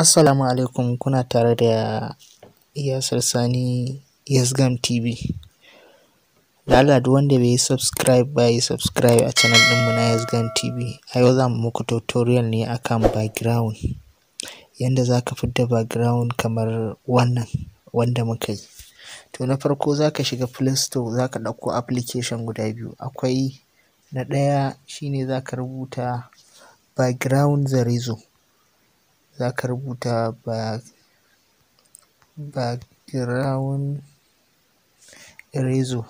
Assalamu alaikum kuna tare da Yasir Sani Yasgam TV. Lala duk wanda bai yi subscribe ba yi subscribe a channel na Yasgam TV. A yau za mu muku tutorial ne akan background. Yanda za ka fidda background kamar wannan wanda muka yi. To na farko za ka shiga Play Store za ka ɗauko application guda biyu. Akwai na ɗaya shine za ka rubuta background zarizo za ka rubuta ba background eraser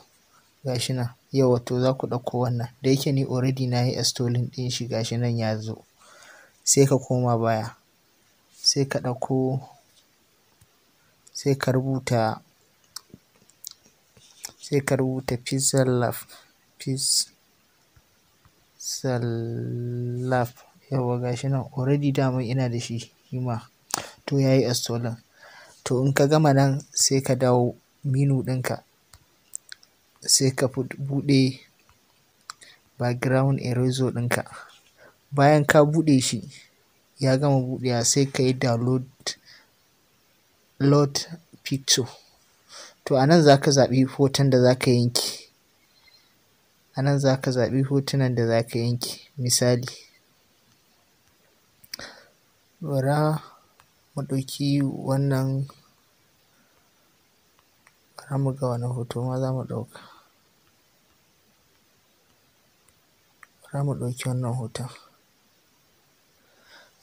shi nan yauwa to za ku ɗauko wannan da yake ni already na yi installing ɗin shi shi nan ya zo sai ka koma baya sai ka ɗauko sai ka rubuta sai ka rubuta pizza love pizza yauwa gashi nan already daman ina da shi kima to yayi estolon. To in ka gama nan sai ka dawo minu ɗinka sai ka buɗe background eraser ɗinka. Bayan ka buɗe shi ya gama buɗewa sai ka yi download load picture. To a nan za ka zaɓi hoton da za ka yanki A nan za ka zaɓi hotunan da za ka yanke misali. bara mu ɗauki wannan bara mu ga wani hoto ma za mu ɗauka bara mu ɗauki wannan hoton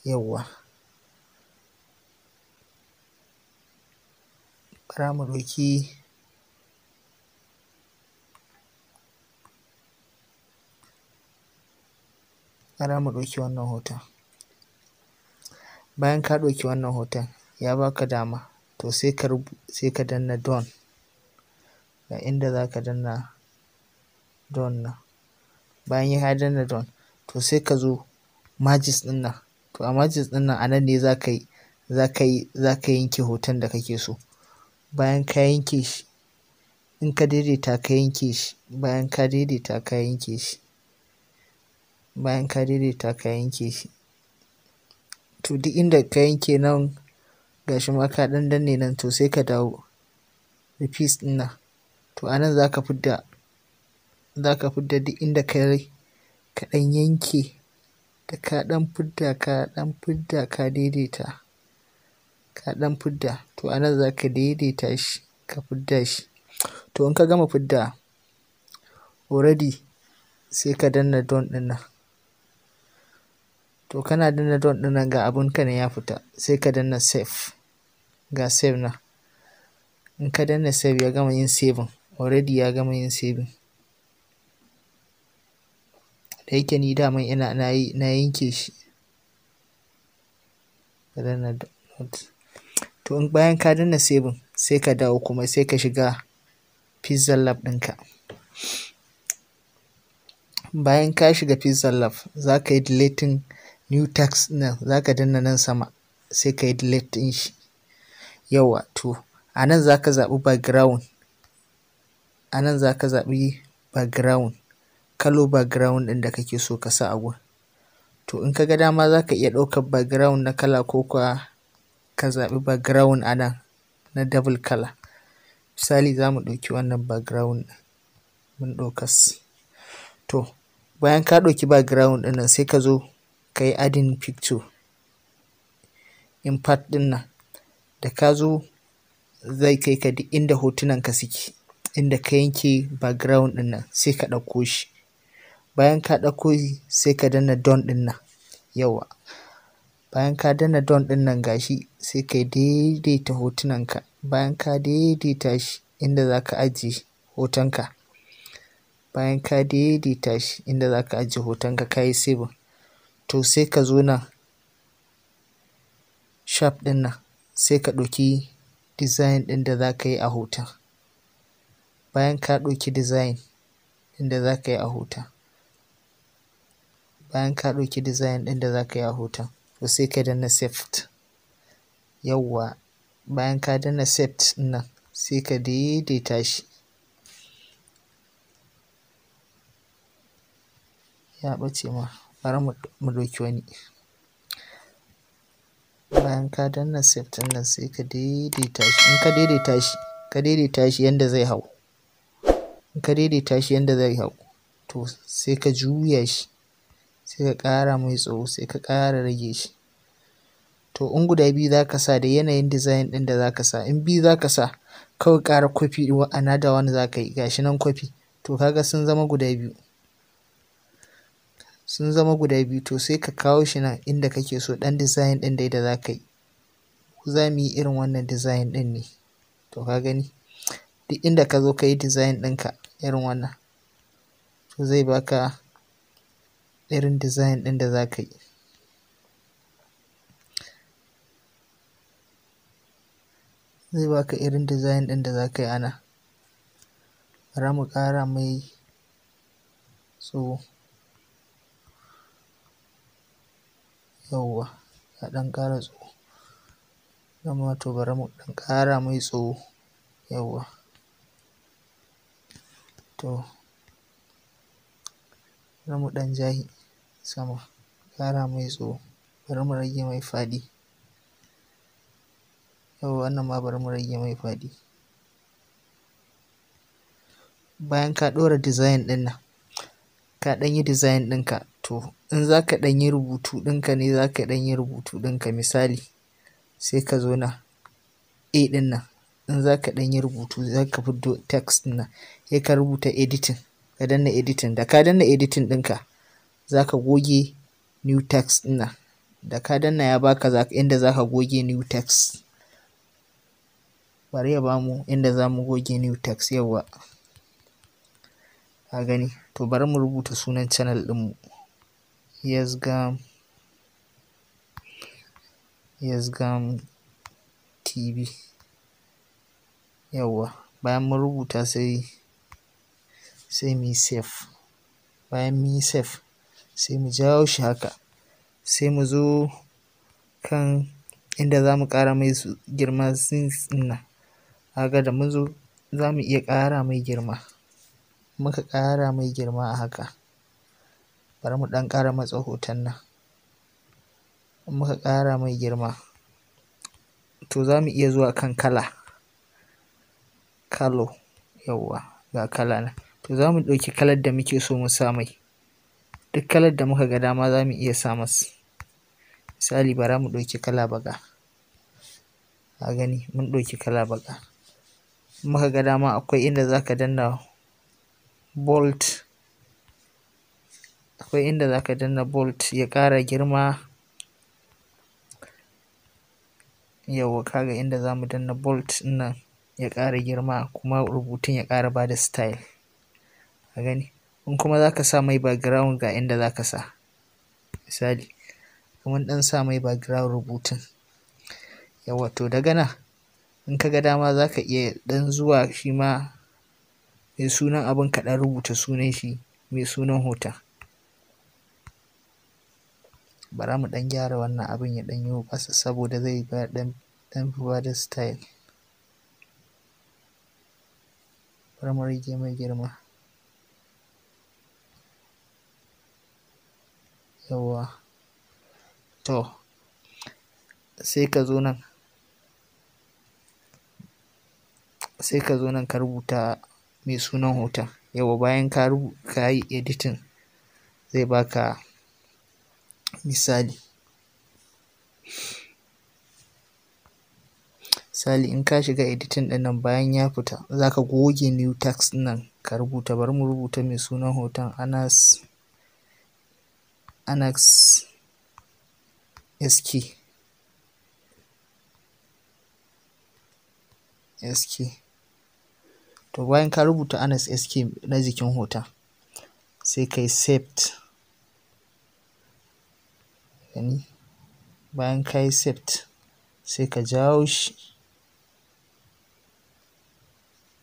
yawwa bara mu ɗauki bara mu ɗauki wannan hoton Bayan ka ɗauki wannan hoton ya baka dama to sai ka sai ka danna don ga inda za ka danna don nan. Bayan ya danna don to sai ka zo majis ɗin nan to a majis ɗin nan a nan ne za ka yi za ka yi za ka yanke hoton da kake so. Bayan ka yanke shi in ka daidaita ka yanke shi bayan ka daidaita ka yanke shi bayan ka daidaita ka yanke shi. to duk inda ka yanke nan gashi ma ka dan danne nan to sai ka dawo repeat din nan to a nan za ka fidda zaka fidda duk inda ka ka ɗan yanke da ka ɗan fidda ka ɗan fidda ka daidaita ka ɗan fidda to a nan za ka daidaita shi ka fidda shi to in ka gama fidda already sai ka danna don din nan to kana danna don ɗin ga abun ka ne ya fita sai ka danna save ga save na in ka danna save ya gama yin saving already ya gama yin saving da yake ni daman ina na yi na yanke shi ka danna to in bayan ka danna saving sai ka dawo kuma sai ka shiga pizza lab ɗinka bayan ka shiga pizza lab za ka yi deleting new text nan za ka danna nan sama sai ka yi delete ɗin shi yawa to a nan za ka zaɓi background a nan za ka zaɓi background kalo background ɗin da kake so ka sa a gun to in ka ga dama za ka iya ɗaukar background na kala ko kuwa ka zaɓi background a nan na double kala misali za mu ɗauki wannan background ɗin mun ɗaukas to bayan ka ɗauki background ɗin nan sai ka zo ka yi adding picture in part ɗin nan da ka zo zai kai ka duk inda hotunan ka suke inda ka yanke background ɗin nan sai ka ɗauko shi bayan ka ɗauko shi sai ka danna don ɗin nan yawa bayan ka danna don ɗin nan gashi sai ka daidaita hotunan ka bayan ka daidaita shi inda za ka ajiye hotonka bayan ka daidaita shi inda za ka ajiye hotonka ka yi saving to sai ka zo nan shop din nan sai ka ɗauki design ɗin da za ka yi a hoton bayan ka ɗauki design ɗin da za ka yi a hoton bayan ka ɗauki design ɗin da za ka yi a hoton to sai ka danna save yawwa bayan ka danna save nan sai ka daidaita shi ya ɓace ma bari mu ɗauki wani bayan ka danna save ɗin nan sai ka daidaita shi in ka daidaita shi ka daidaita shi yanda zai hau in ka daidaita shi yanda zai hau to sai ka juya shi sai ka ƙara mai tsawo sai ka ƙara rage shi to in guda biyu za ka sa da yanayin design ɗin da za ka sa in biyu za ka sa kawai ƙara kwafi another one za ka yi gashi nan kwafi to kaga sun zama guda biyu sun zama guda biyu to sai ka kawo shi nan inda kake so ɗan design ɗin dai da za ka yi za mu yi irin wannan design ɗin ne to ka gani duk inda ka zo ka yi design ɗinka irin wannan to zai baka irin design ɗin da za ka yi zai baka irin design din da za ka yi ana ramu mu ƙara mai so yauwa ga ɗan ƙara tsawo. Nan to bari mu ɗan ƙara mai tsawo yauwa. To bari mu ɗan ja shi sama ƙara mai tsawo bari mu rage mai faɗi. Yauwa wannan ma bari mu rage mai faɗi. Bayan ka ɗora design ɗin nan ka ɗan yi design ɗinka to in za ka ɗan yi rubutu ɗinka ne za ka ɗan yi rubutu ɗinka misali sai ka zo na A ɗin nan in za ka ɗan yi rubutu za ka fito text na nan sai ka rubuta editing ka danna editing da ka danna editing ɗinka za ka goge new text ɗin nan da ka danna ya baka inda za ka goge new text bari ya bamu inda za mu goge new text yawa a gani to bari mu rubuta sunan channel ɗinmu Yes Gam Yes Gam TV yawwa bayan mun rubuta sai sai muyi save bayan munyi save sai mu jawo shi haka sai mu zo kan inda zamu ƙara mai girma since ɗin haka da mun zo zamu iya ƙara mai girma muka ƙara mai girma a haka bari mu ɗan ƙara matsa hoton nan in muka ƙara mai girma to za mu iya zuwa kan kala kalo yawa ga kala nan to za mu ɗauki kalar da muke so mu sa mai duk kalar da muka ga dama za mu iya sa masa misali bara mu ɗauki kala baka, a gani mun ɗauki kala baka. in muka ga dama akwai inda za ka danna bolt akwai inda za ka danna bolt ya ƙara girma kaga inda za danna bolt nan ya ƙara girma kuma rubutun ya ƙara ba da style a gani in kuma za ka sa mai background ga inda za ka sa misali kuma ɗan sa mai background rubutun yauwa to daga nan in ka ga dama za ka iya ɗan zuwa shi ma mai sunan abun kaɗan rubuta sunan shi mai sunan hoton bara mu ɗan gyara wannan abin ya dan yi fasa saboda zai ba dan dan fi da style bara mu rage mai girma yawwa to sai ka zo nan sai ka zo nan ka rubuta mai sunan hoton yawa bayan ka yi editing zai baka misali misali in ka shiga editing ɗin nan bayan ya fita zaka goge new tax ɗin nan ka rubuta bari mu rubuta mai sunan hoton Anas Anax SK SK to bayan ka rubuta Anas SK na jikin hoton sai kai saved gani bayan ka yi sai ka jawo shi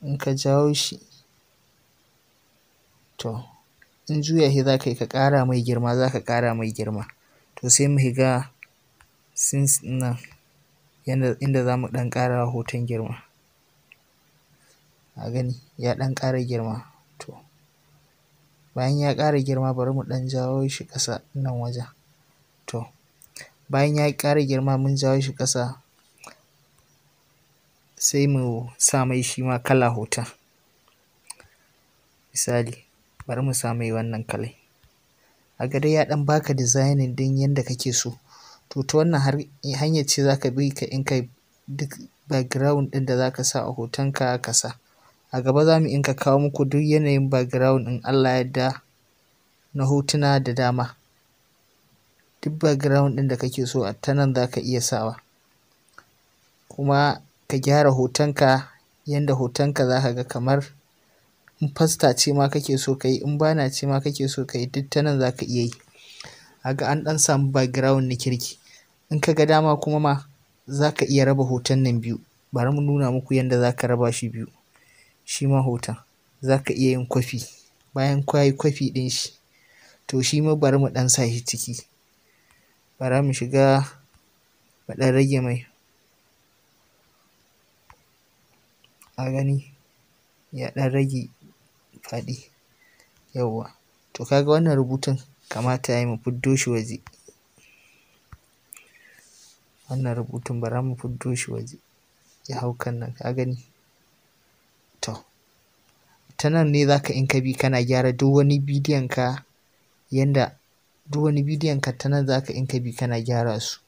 in ka jawo shi to in juya shi za ka yi ka ƙara mai girma za ka ƙara mai girma to sai mu shiga sins nan inda za mu ɗan ƙara hoton girma a gani ya ɗan ƙara girma to bayan ya ƙara girma bari mu ɗan jawo shi ƙasa nan wajen To bayan ya ƙara girma mun jawo shi kasa, sai mu sa mai shi ma kala hoton. Misali bari mu sa wannan kalai. Kaga dai ya ɗan baka designing yadda yanda kake so. To ta wannan hanyar ce za ka bi ka in ka duk background ɗin da za ka sa a hotonka ka kasa. A gaba za mu in ka kawo muku duk yanayin background in Allah ya yarda na hotuna da dama. duk background ɗin da kake so a ta nan za ka iya sawa kuma ka gyara hotonka yadda hotonka za ka ga kamar in fasta ce ma kake so ka yi in bana ce ma kake so ka yi duk ta nan za ka iya yi ga an ɗan samu background na kirki in ka ga dama kuma ma za ka iya raba hoton nan biyu bari mu nuna muku yadda za ka raba shi biyu shi ma hoton za ka iya yin kwafi bayan kwayi kwafi ɗin shi to shi ma bari mu ɗan sa shi ciki bara mu shiga mu ɗan rage mai a gani ya ɗan rage faɗi yawwa to kaga wannan rubutun kamata ya yi mu fiddo shi waje wannan rubutun bara mu fiddo shi waje ya hau kan nan ka gani to ta nan ne za ka in ka bi kana gyara duk wani bidiyon ka yanda duk wani bidiyon ka ta nan zaka in ka bi kana gyara su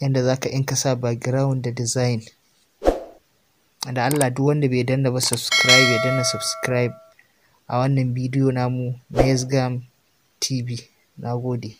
yanda zaka in ka sa background da design da Allah duk wanda bai danna ba subscribe ya danna subscribe a wannan bidiyo namu na Yesgam TV nagode